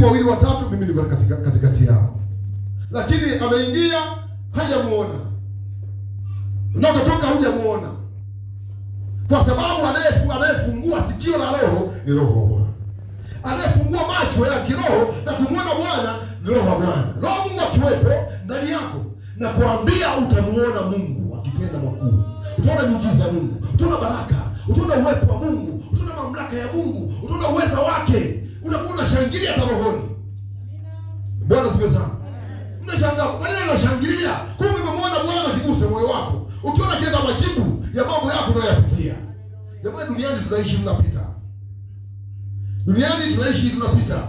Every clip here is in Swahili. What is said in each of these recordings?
ndipo wawili watatu, mimi niko katika yao. Lakini ameingia hajamuona, unakotoka hujamuona, kwa sababu anayefungua sikio la roho ni roho wa Bwana, anayefungua macho ya kiroho na kumwona Bwana ni roho wa Bwana. Roho Mungu akiwepo ndani yako, na kuambia utamuona Mungu akitenda makuu, utaona miujiza ya Mungu, utaona baraka, utaona uwepo wa Mungu, utaona mamlaka ya Mungu, utaona uweza wake unakuwa unashangilia hata rohoni. Bwana sifiwe sana. Mnashangaa kwa nini unashangilia? Kumbe umemwona Bwana akiguse moyo wako. Ukiona kileta majibu ya mambo yako unayoyapitia. Jamani, duniani tunaishi tunapita. Duniani tunaishi tunapita.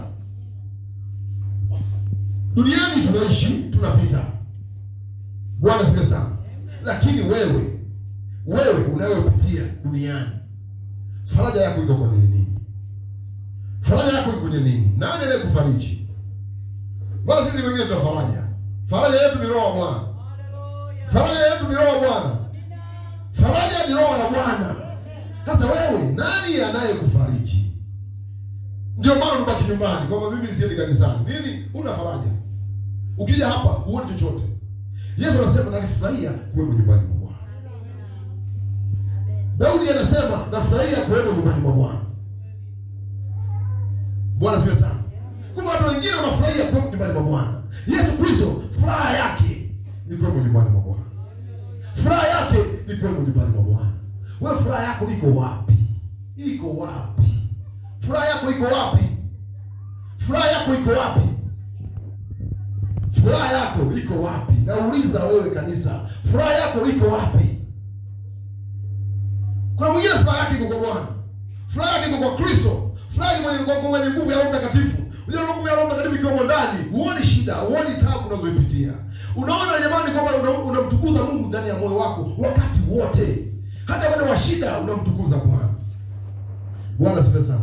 Duniani tunaishi tunapita. Bwana sifiwe sana. Lakini wewe wewe unayopitia duniani, faraja yako iko kwa nini? Faraja yako iko kwenye nini? Nani anaye kufariji? Basi sisi wengine tuna faraja. Faraja yetu ni roho ya Bwana. Faraja yetu ni roho ya Bwana. Faraja ni roho ya Bwana. Sasa wewe nani anaye kufariji? Ndio maana unabaki nyumbani kwamba mimi siendi kanisani. Nini? Una faraja. Ukija hapa uone chochote. Yesu anasema nalifurahia kuwepo nyumbani mwa Bwana. Daudi anasema nafurahia kuwepo nyumbani mwa Bwana. Bwana sio sana. Kuna watu wengine wanafurahia kwa nyumbani mwa Bwana. Yesu Kristo furaha yake ni kwa nyumbani mwa Bwana. Furaha yake ni kwa nyumbani mwa Bwana. Wewe furaha yako iko wapi? Iko wapi? Furaha yako iko wapi? Furaha yako iko wapi? Furaha yako iko wapi? Nauliza wewe kanisa, furaha yako iko wapi? Kuna mwingine furaha yake iko kwa Bwana. Furaha yake iko kwa Kristo fulani mwenye nguvu mwenye nguvu ya Roho Mtakatifu. Unajua nguvu ya Roho Mtakatifu ikiwa ndani, huoni shida, huoni taabu unazoipitia. Unaona jamani kwamba unamtukuza Mungu ndani ya moyo wako wakati wote. Hata wale wa shida unamtukuza Bwana. Bwana sifa sana.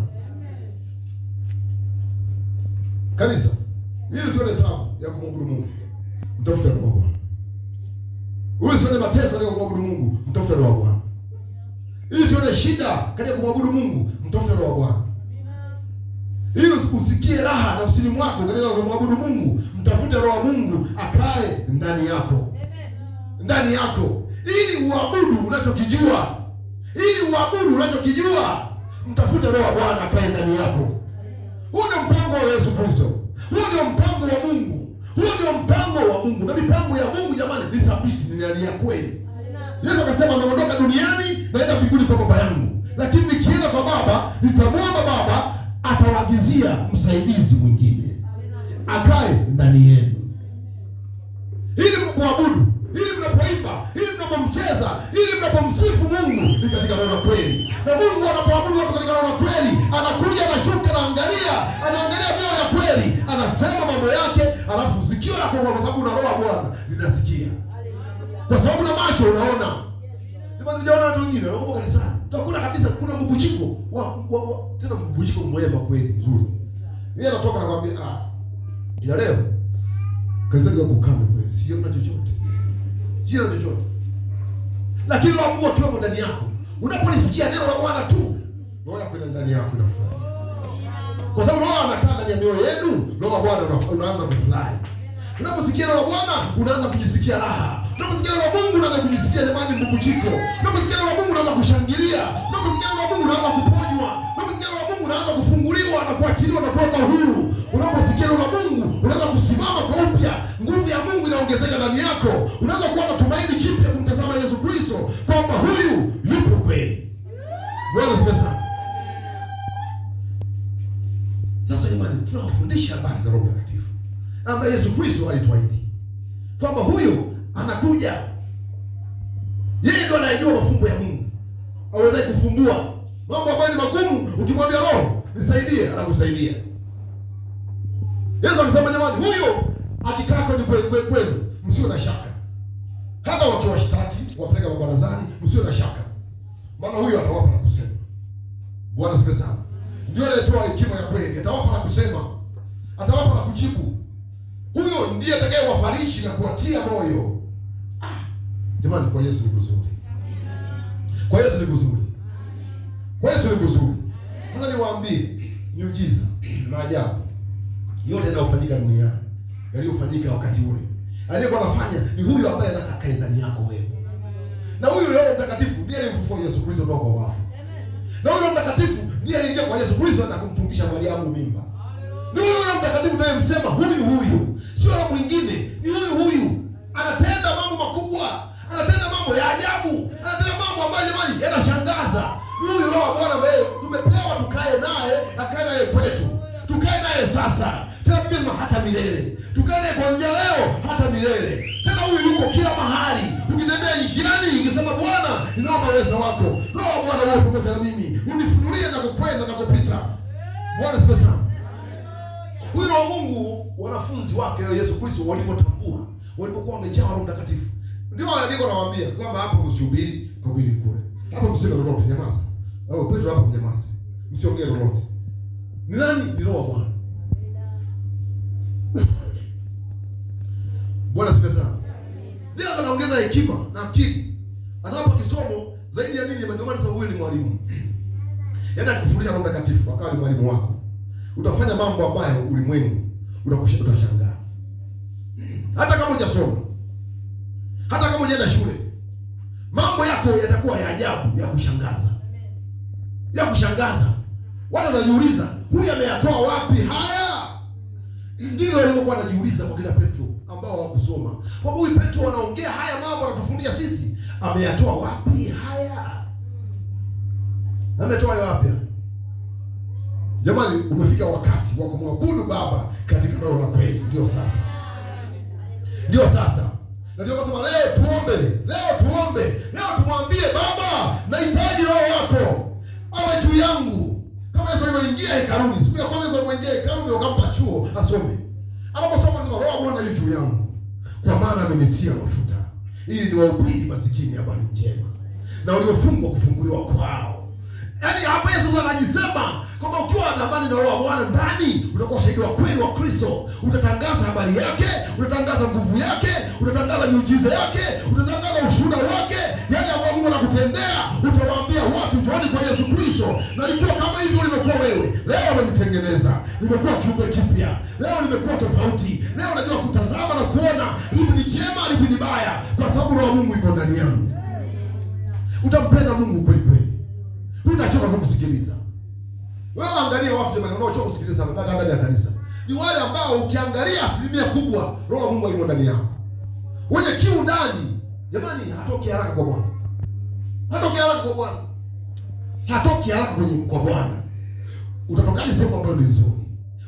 Kanisa, hili sio taabu ya kumwabudu Mungu. Mtafuta roho Bwana. Huyu sio mateso ya kumwabudu Mungu, mtafuta roho Bwana. Hii sio shida katika kumwabudu Mungu, mtafuta roho Bwana ili usikie raha nafsini mwako katika kumwabudu Mungu. Mtafute roho wa Mungu akae ndani yako, ndani yako, ili uabudu unachokijua, ili uabudu unachokijua. Mtafute roho wa Bwana akae ndani yako. Huo ndio mpango wa Yesu Kristo, huo ndio mpango wa Mungu, huo ndio mpango wa Mungu. Na mipango ya Mungu jamani, ni thabiti, ni ya kweli. Yesu akasema, naondoka duniani naenda mbinguni kwa Baba yangu, lakini nikienda kwa Baba nitamwomba Baba atawagizia msaidizi mwingine akae ndani yenu, ili mkuabudu ili mnapoimba, ili mnapomcheza, ili mnapomsifu Mungu ni katika roho na kweli. Na Mungu anapoabudu watu katika roho na kweli, anakuja, anashuka, anaangalia, anaangalia mioyo ya kweli, anasema mambo yake, alafu sikio lako, kwa sababu una roho ya Bwana linasikia, kwa sababu na macho unaona kwanza jaona watu wengine wako kanisani. Tunakuta kabisa kuna mbuchiko. Wa, wa, wa tena mbubujiko mwema kweli nzuri. Yeye anatoka anakuambia ah. Ya leo. Kanisa liko kukame kweli. Sio na chochote. Sio na chochote. Lakini roho Mungu akiwa ndani yako. Unapolisikia neno la Bwana tu, roho yako ina ndani yako inafurahi. Kwa sababu roho anakaa ndani ya mioyo yenu, roho wa Bwana unaanza kufurahi. Unaposikia neno la Bwana unaanza kujisikia raha. Unaposikia neno la Mungu unaanza kujisikia jamani, mbugujiko. Unaposikia neno la Mungu unaanza kushangilia. Unaposikia neno la Mungu unaanza kuponywa. Unaposikia neno la Mungu unaanza kufunguliwa na kuachiliwa na kuweka huru. Unaposikia neno Mungu unaanza kusimama kwa upya, nguvu ya Mungu inaongezeka ndani yako. Unaanza kuwa na tumaini jipya kumtazama Yesu Kristo kwamba huyu yupo kweli. Bwana sasa sasa, imani tunawafundisha habari za Roho Mtakatifu ambaye Yesu Kristo alituahidi kwamba huyo anakuja. Yeye ndo anayejua mafumbo ya Mungu, awezaye kufumbua mambo ambayo ni magumu. Ukimwambia Roho nisaidie, anakusaidia. Yesu alisema, jamani, huyo akikako ni kweli kweli kweli, msio na shaka. Hata wakiwashtaki wapeleka mabarazani, msio na shaka, maana huyo atawapa na kusema. Bwana sifa sana, ndio anayetoa hekima ya kweli, atawapa na kusema, atawapa na kujibu. Huyo ndiye atakayewafariji na kuwatia moyo. Jamani, kwa Yesu ni kuzuri, kwa Yesu ni kuzuri, kwa Yesu ni kuzuri. Sasa niwaambie miujiza, na ajabu yote yanayofanyika duniani, yaliyofanyika wakati ule, aliyekuwa anafanya ni huyu ambaye anataka kae ndani yako wewe, na huyu Roho Mtakatifu ndiye alimfufua Yesu Kristo kutoka kwa wafu, na huyu Roho Mtakatifu ndiye aliingia kwa Yesu Kristo na kumtungisha Mariamu mimba. Ni huyu Roho Mtakatifu ndiye msema huyu huyu, sio la mwingine, ni huyu huyu, anatenda mambo makubwa anatenda mambo ya ajabu, anatenda mambo ambayo jamani yanashangaza. Huyu Roho wa Bwana ambaye tumepewa tukae naye, akae naye kwetu, tukae naye sasa tena hata milele, tukae naye kuanzia leo hata milele. Tena huyu yuko kila mahali, ukitembea njiani, ukisema Bwana, ninaomba uweza wako, Roho wa Bwana wewe pamoja na mimi, unifunulie na kukwenda na kupita. Bwana sifa sana. Huyu Roho Mungu wanafunzi wake Yesu Kristo walipotambua, walipokuwa wamejaa Roho Mtakatifu ndio andiko nawaambia kwamba hapo kwa kweli kule. Hapo nyamaza. Oh, Petro hapo Msiongee lolote. Ni nani? Ni Roho Bwana. Bwana sifa sana. Leo anaongeza hekima na akili. Anawapa kisomo zaidi ya nini? Ndio maana ni mwalimu. Yaani Roho Mtakatifu akawa ni mwalimu wako. Utafanya mambo ambayo ulimwengu utakushangaa. Hata kama hujasoma hata kama hujaenda shule, mambo yako yatakuwa ya ajabu, ya kushangaza, ya kushangaza. Watu watajiuliza huyu ameyatoa wapi haya? Ndio walivyokuwa wanajiuliza kwa kina Petro ambao hawakusoma, kwamba huyu Petro anaongea haya mambo, anatufundia sisi, ameyatoa wapi haya? ametoa hayo wapi? Jamani, umefika wakati wa kumwabudu Baba katika roho la kweli. Ndio sasa, ndio sasa na ndio kasema leo tuombe, leo tuombe, leo tumwambie Baba, nahitaji roho yako awe juu yangu, kama Yesu alivyoingia hekaluni. Siku ya kwanza Yesu alipoingia hekaluni, ndio chuo asome. Anaposoma sema, roho Bwana yu juu yangu, kwa maana amenitia mafuta ili niwahubiri masikini habari njema, na waliofungwa kufunguliwa kwao Yaani hapa Yesu anajisema kwamba ukiwa na amani na Roho wa Bwana ndani utakuwa shahidi wa kweli wa Kristo. Utatangaza habari yake, utatangaza nguvu yake, utatangaza miujiza yake, utatangaza ushuhuda wake, yaani ambao Mungu anakutendea, utawaambia watu tuone kwa Yesu Kristo. Na nikiwa kama hivyo ulivyokuwa wewe, leo wamenitengeneza. nimekuwa kiumbe kipya, leo nimekuwa tofauti, leo najua kutazama na kuona lipi ni jema, lipi ni baya, kwa sababu Roho wa Mungu iko ndani yangu. Utampenda Mungu kweli tutachoka kumsikiliza. Wewe angalia watu jamani, wanaochoka kusikiliza sana ndani ya kanisa ni wale ambao ukiangalia asilimia kubwa roho Mungu yuko ndani yao, wenye kiu ndani. Jamani, hatoki haraka kwa Bwana, hatoki haraka kwa Bwana, hatoki haraka kwenye kwa Bwana. Utatokaje sehemu ambayo ni nzuri?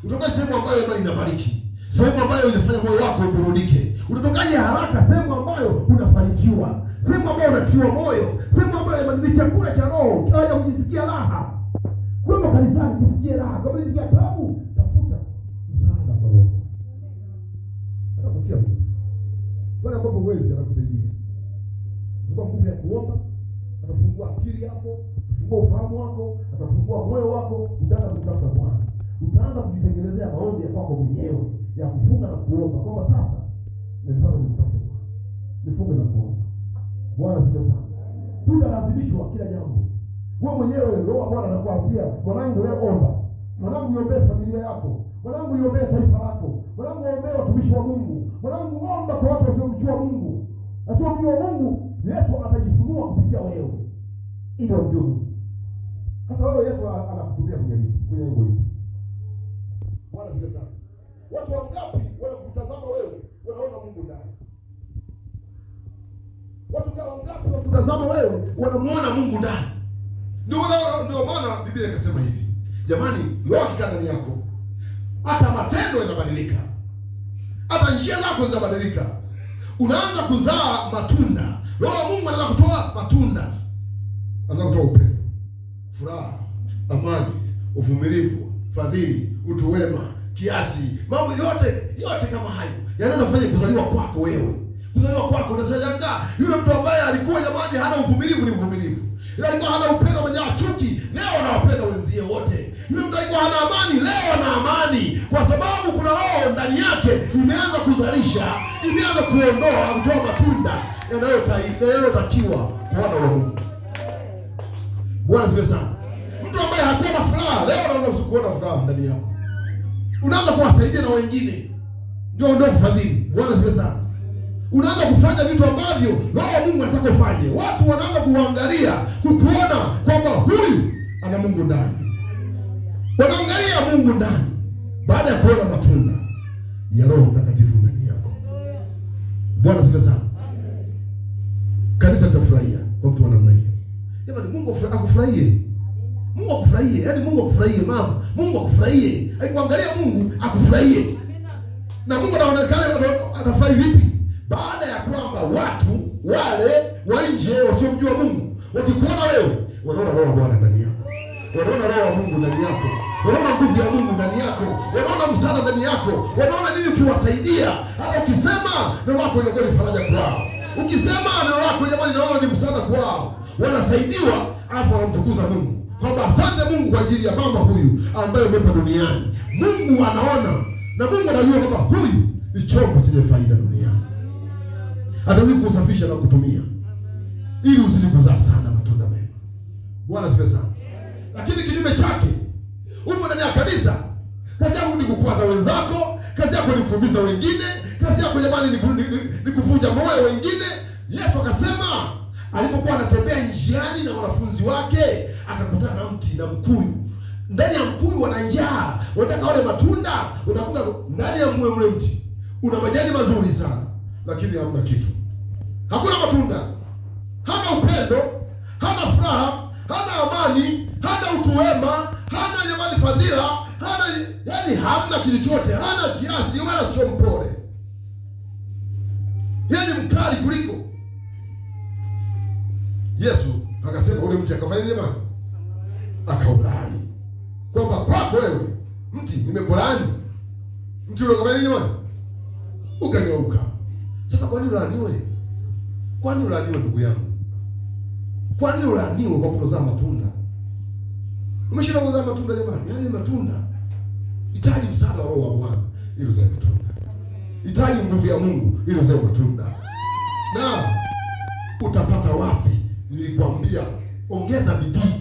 Utatokaje sehemu ambayo jamani inabariki, sehemu ambayo ilifanya moyo wako uburudike? Utatokaje haraka sehemu ambayo unafanikiwa? sehemu ambayo unatiwa moyo, sehemu ambayo ni chakula cha roho, kaja kujisikia raha. Kama kanisani kujisikia raha, kwa mimi jisikia tabu, tafuta msaada kwa roho. Atakutia Bwana ambapo uwezi anakusaidia. Kwa nguvu ya kuomba, atafungua akili yako, atafungua ufahamu wako, atafungua moyo wako, utaanza kutafuta Bwana. Utaanza kujitengenezea maombi ya kwako mwenyewe ya kufunga na kuomba kwamba sasa nimefanya nikutafute Bwana. Nifunge na kuomba. Bwana sifa sana. Tutalazimishwa kila jambo. Wewe mwenyewe roho Bwana anakuambia, mwanangu wewe omba. Mwanangu iombee familia yako. Mwanangu iombee taifa lako. Mwanangu ombee watumishi wa Mungu. Mwanangu omba kwa watu wasiomjua Mungu. Asiomjua Mungu, Yesu atajifunua kupitia wewe. Ile ujumbe. Sasa wewe Yesu anakutumia kujaribu, kujaribu hivi. Bwana sifa sana. Watu wangapi wanakutazama wewe, wanaona Mungu ndani. Watu wangapi wakutazama wewe wanamuona Mungu ndani? Ndio maana Biblia ikasema hivi, jamani, roho akikaa ndani yako hata matendo yanabadilika, hata njia zako zinabadilika, unaanza kuzaa matunda. Roho wa Mungu anaanza kutoa matunda, anaanza kutoa upendo, furaha, amani, uvumilivu, fadhili, utu wema, kiasi, mambo yote yote kama hayo yanaanza kufanya kuzaliwa kwako wewe kuzaliwa kwako. Unashangaa yule mtu ambaye alikuwa jamani, hana uvumilivu ni uvumilivu, ila alikuwa hana upendo, mwenye chuki, leo anawapenda wenzie wote. Yule mtu alikuwa hana amani, leo ana amani, kwa sababu kuna roho ndani yake imeanza kuzalisha, imeanza kuondoa, kutoa matunda yanayotakiwa kwa wana wa Mungu. Bwana siwe sana. Mtu ambaye hakuwa na furaha leo anaanza kuona furaha ndani yako, unaanza kuwasaidia na wengine, ndio ndio kufadhili. Bwana siwe sana unaanza kufanya vitu ambavyo roho wa Mungu anataka ufanye. Watu wanaanza kuangalia kukuona kwamba huyu ana Mungu ndani, wanaangalia Mungu ndani baada ya kuona matunda ya Roho Mtakatifu ndani yako. Bwana sifa sana, kanisa litafurahia kwa mtu wa namna hiyo. Jamani, Mungu akufurahie, Mungu akufurahie, yaani Mungu akufurahie mama, Mungu akufurahie, haikuangalia Mungu akufurahie, na Mungu anaonekana anafurahi vipi? baada ya kwamba watu wale wa nje wasiomjua Mungu wakikuona wewe, wanaona roho ya Bwana ndani yako, wanaona roho ya Mungu ndani yako, wanaona nguvu ya Mungu ndani yako, wanaona msaada ndani yako, wanaona nini ukiwasaidia. Hata ukisema neno lako linakuwa ni faraja kwao, ukisema neno lako jamani, naona ni msaada kwao, wanasaidiwa, alafu wanamtukuza Mungu kwamba asante Mungu kwa ajili ya mama huyu ambaye umepa duniani. Mungu anaona na Mungu anajua kwamba huyu ni chombo chenye faida duniani atazidi kusafisha na kutumia ili uzidi kuzaa sana matunda mema. Bwana asifiwe sana. Lakini kinyume chake, upo ndani ya kanisa, kazi yako ni kukwaza wenzako, kazi yako ni kuumiza wengine, kazi yako jamani, ni kuvunja moyo wengine. Yesu akasema alipokuwa anatembea njiani na wanafunzi wake, akakutana na mti na mkuyu. Ndani ya mkuyu wana njaa, wanataka wale matunda, unakuta ndani ya mwe mle mti una majani mazuri sana lakini hamna kitu, hakuna matunda, hana upendo, hana furaha, hana amani, hana utu wema, hana jamani fadhila, hana yani, hamna kilichote hana kiasi wala sio mpole, yeye ni mkali kuliko Yesu. Akasema ule mti akafanya nini bwana? Akaulaani, kwamba kwako wewe mti nimekulaani. Mti ule ukafanya nini bwana? Ukanyauka. Sasa kwani ulaaniwe? Kwani ulaaniwe ndugu yangu? Kwani ulaaniwe kwa kutozaa matunda? Umeshinda kuzaa matunda jamani, yale yaani matunda. Hitaji msaada wa Roho wa Bwana ili uzae matunda. Hitaji nguvu ya Mungu ili uzae matunda. Na utapata wapi? Nilikwambia ongeza bidii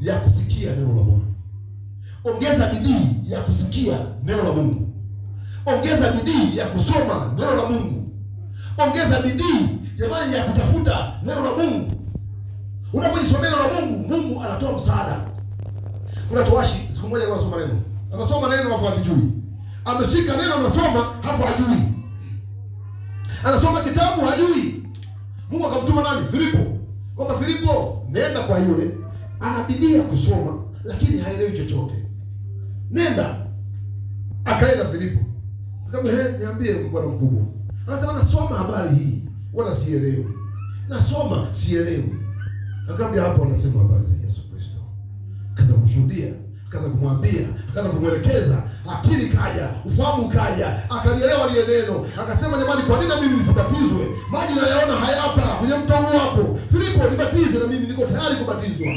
ya kusikia neno la Bwana. Ongeza bidii ya kusikia neno la Mungu. Ongeza bidii ya kusoma neno la Mungu. Ongeza bidii jamani ya kutafuta neno la Mungu. Unapojisomea neno la Mungu, Mungu anatoa msaada. Kuna towashi siku moja kwa kusoma neno. Anasoma neno afu hajui. Ameshika neno anasoma afu hajui. Anasoma kitabu hajui. Mungu akamtuma nani? Filipo. Kwamba Filipo, nenda kwa yule anabidia kusoma lakini haelewi chochote. Nenda. Akaenda Filipo. Akamwambia, "Niambie bwana mkubwa." Hata wanasoma habari hii wala sielewi, nasoma sielewi. akaambia hapo, wanasema habari za Yesu Kristo, akaanza kushuhudia, akaanza kumwambia, akaanza kumwelekeza, akili kaja, ufahamu kaja, akalielewa lile neno, akasema, jamani, kwa nini mimi nisibatizwe? Maji nayaona hayapa kwenye mto huu hapo, Filipo, nibatize na mimi, niko tayari kubatizwa.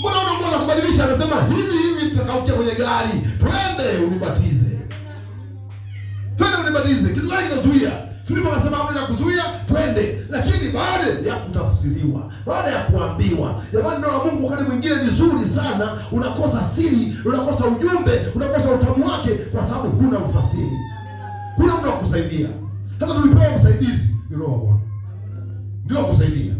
Mbona unamwona kubadilisha? Akasema, hivi hivi, nitakaukia kwenye gari, twende unibatize tumalize. kitu gani kinazuia? Filipo akasema hakuna cha kuzuia, twende. Lakini baada ya kutafsiriwa, baada ya kuambiwa, jamani, neno la Mungu wakati mwingine ni zuri sana, unakosa siri, unakosa ujumbe, unakosa utamu wake, kwa sababu huna mfasiri, huna mtu akusaidia. Hata tulipewa msaidizi, ni Roho wa Bwana ndio akusaidia.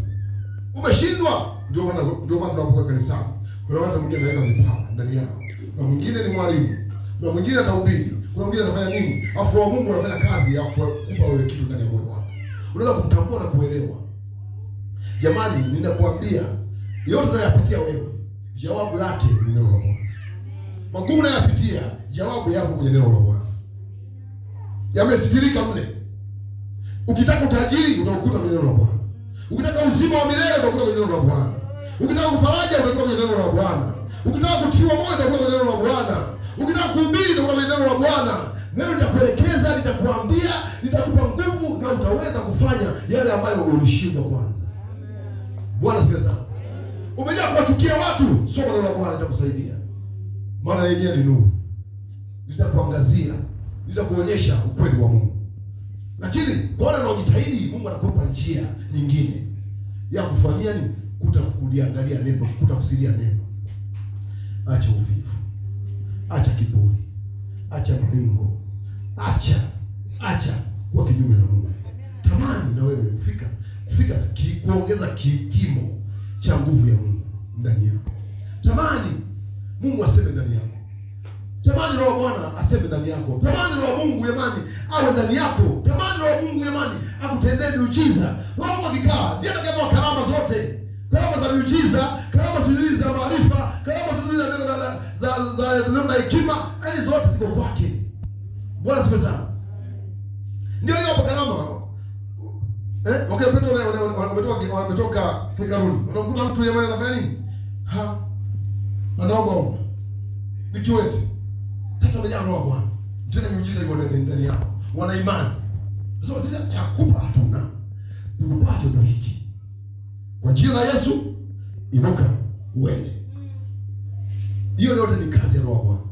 Umeshindwa, ndio maana ndio maana tunapokuwa kanisani, kuna watu wengine wanaweka vipawa ndani yao, na mwingine ni mwalimu, na mwingine atahubiri mwingine anafanya nini, afu wa Mungu anafanya kazi ya kukupa wewe kitu ndani ya moyo wako, unaweza kumtambua na kuelewa. Jamani, ninakwambia yote unayopitia wewe, jawabu lake ni neno la Bwana. Magumu unayopitia, jawabu yako kwenye neno la Bwana, yamesitirika mle. Ukitaka utajiri utakuta kwenye neno la Bwana, ukitaka uzima wa milele utakuta kwenye neno la Bwana, ukitaka faraja utakuta kwenye neno la Bwana, ukitaka kutiwa moyo utakuta kwenye neno la Bwana. Ukitaka kuhubiri utakuwa neno la Bwana. Neno litakuelekeza, litakuambia, litakupa nguvu na utaweza kufanya yale ambayo ulishindwa kwanza. Bwana sikia sana. Umeja kuwachukia watu, soma neno la Bwana litakusaidia. Maana yenyewe ni nuru. Litakuangazia, litakuonyesha ukweli wa Mungu. Lakini kwa wale wanaojitahidi, Mungu anakupa njia nyingine ya kufanyia ni kuliangalia neno, kutafsiria neno. Acha uvivu acha kiburi, acha malengo, acha acha kwa kinyume na Mungu. Tamani na wewe kufika kufika ki, kuongeza kikimo kimo cha nguvu ya Mungu ndani yako. Tamani Mungu aseme ndani yako. Tamani Roho Bwana aseme ndani yako. Tamani Roho Mungu yamani awe ndani yako. Tamani Roho Mungu yamani akutendee miujiza. Roho Mungu akikaa, ndiye atakayepewa karama zote. Karama za miujiza, karama za maarifa, anabeba hekima, yaani zote ziko kwake. Bwana sifa sana, ndio leo kwa gharama eh, wakati Petro wametoka wametoka Kagaruni, wanakuta mtu yeye anafanya nini? Ha, anaomba omba nikiwete sasa, mjana roho Bwana tena, miujiza iko ndani yao, wana imani sasa. Sisi chakupa hatuna nikupacho, hatu hiki kwa jina la Yesu, inuka uende. Hiyo yote ni kazi ya Roho Bwana.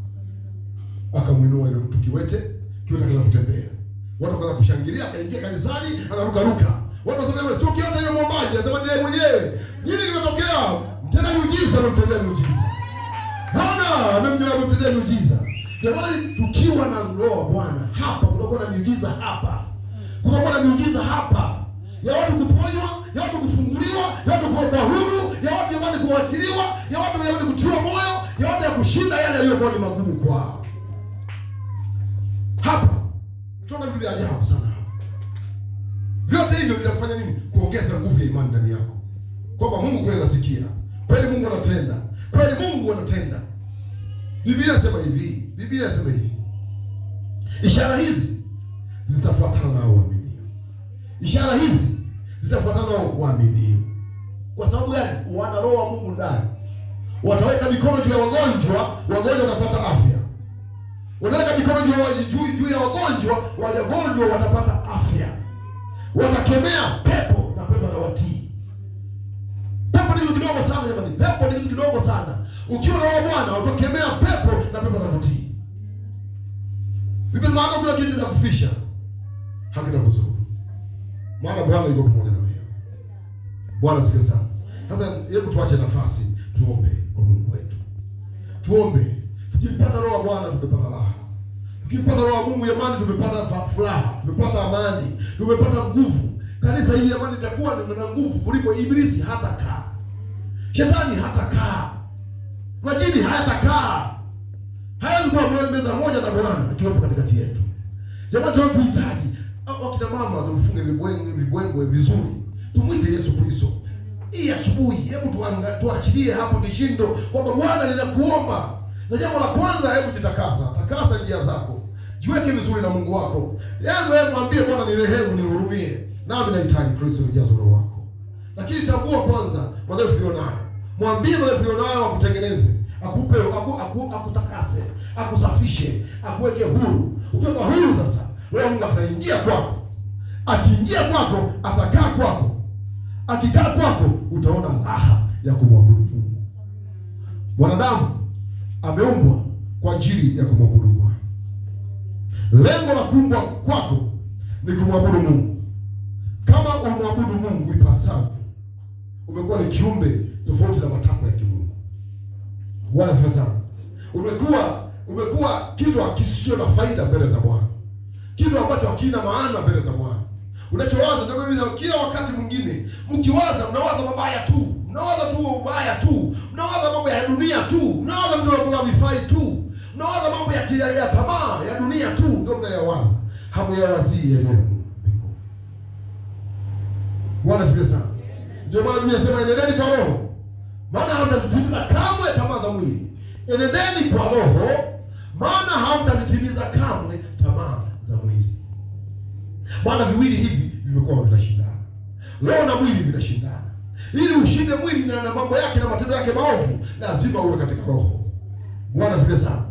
Akamwinua ile mtu kiwete, kiwete akaanza kutembea. Watu wakaanza kushangilia, akaingia kanisani, anaruka ruka. Watu wasema wewe sio kiota yule mwombaji, anasema ndiye mwenyewe. Nini kimetokea? Tena miujiza na mtendea miujiza. Bwana amemjua mtendea miujiza. Jamani, tukiwa na Roho Bwana hapa kunakuwa na miujiza hapa. Kunakuwa na miujiza hapa. Ya watu kuponywa, ya watu kufunguliwa, ya watu kuwa huru, ya watu jamani kuachiliwa, ya watu jamani kutiwa moyo, yote kushinda yale yaliyokuwa ni magumu kwao. Hapa tuna vitu vya ajabu sana hapa. Vyote hivyo vinakufanya nini? Kuongeza nguvu ya imani ndani yako kwamba Mungu kweli anasikia, kweli Mungu anatenda, kweli Mungu anatenda. Biblia inasema hivi, Biblia inasema hivi, ishara hizi zitafuatana nao waaminio, ishara hizi zitafuatana nao waaminio. Kwa sababu gani? Wana roho wa Mungu ndani wataweka mikono juu ya wagonjwa, wagonjwa watapata afya. Wanaweka mikono juu ya wagonjwa, wagonjwa watapata afya. Watakemea pepo na pepo atawatii. Pepo ni kitu kidogo sana jamani, pepo ni kitu kidogo sana. Ukiwa na Bwana utakemea pepo na pepo atakutii. Biblia inasema kuna kitu kinakufisha kuzuru, maana Bwana yuko pamoja na wewe. Bwana sikia sana. Sasa hebu tuache nafasi tuombe kwa Mungu wetu, tuombe. Tukimpata roho ya Bwana tumepata raha, tukimpata roho ya Mungu amani, tumepata furaha, tumepata amani, tumepata nguvu. Kanisa hili amani itakuwa na nguvu kuliko Ibilisi. Hata kaa shetani, hata kaa majini, hata kaa haya kuwa meza moja na Bwana akiwepo katikati yetu. Jamani, tunatuhitaji wakina mama, tumfunge vibwenge vibwengwe vizuri, tumwite Yesu Kristo hii asubuhi, hebu tuanga tuachilie hapo kishindo kwamba Bwana ninakuomba. Na jambo la kwanza, hebu jitakasa, takasa njia zako, jiweke vizuri na Mungu wako. Hebu yaani hebu mwambie Bwana, nirehemu, nihurumie, nami nahitaji Kristo, nijaze roho wako. Lakini tambua kwanza madhaifu uliyonayo, mwambie madhaifu uliyonayo akutengeneze, akupe, aku, aku, akutakase, akusafishe, akuweke huru. Ukiwa huru sasa, wewe Mungu ataingia kwako, akiingia kwako atakaa kwako akikaa kwako utaona raha ya kumwabudu Mungu. Mwanadamu ameumbwa kwa ajili ya kumwabudu Bwana. Lengo la kuumbwa kwako ni kumwabudu Mungu. Kama umwabudu Mungu ipasavyo, umekuwa ni kiumbe tofauti na matakwa ya kimungu. Bwana asifiwe sana. Umekuwa umekuwa kitu kisicho na faida mbele za Bwana, kitu ambacho hakina maana mbele za Bwana. Unachowaza ndio kila wakati mwingine. Mkiwaza mnawaza mabaya tu, mnawaza tu ubaya tu, mnawaza mambo ya dunia tu, mnawaza mtu anapoa vifai tu, mnawaza mambo ya kia, ya tamaa ya dunia tu, ndio mnayowaza. Hamu ya Mungu. Bwana sifiwe sana. Ndio maana Biblia inasema enendeni kwa roho, maana hamtazitimiza kamwe tamaa za mwili. Enendeni kwa roho, maana hamtazitimiza kamwe tamaa za mwili. Bwana, viwili hivi vimekuwa vinashindana, roho na mwili vinashindana. Ili ushinde mwili na na mambo yake na matendo yake maovu, lazima uwe katika roho. Bwana sikia sana,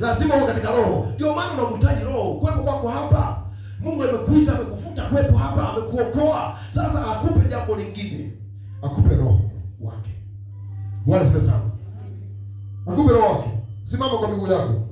lazima uwe katika roho. Ndio maana unamhitaji roho kuwepo kwako hapa. Mungu amekuita, amekufuta kuwepo hapa, amekuokoa. Sasa akupe jambo lingine, akupe roho wake. Bwana sikia sana, akupe roho wake. Simama kwa miguu yako.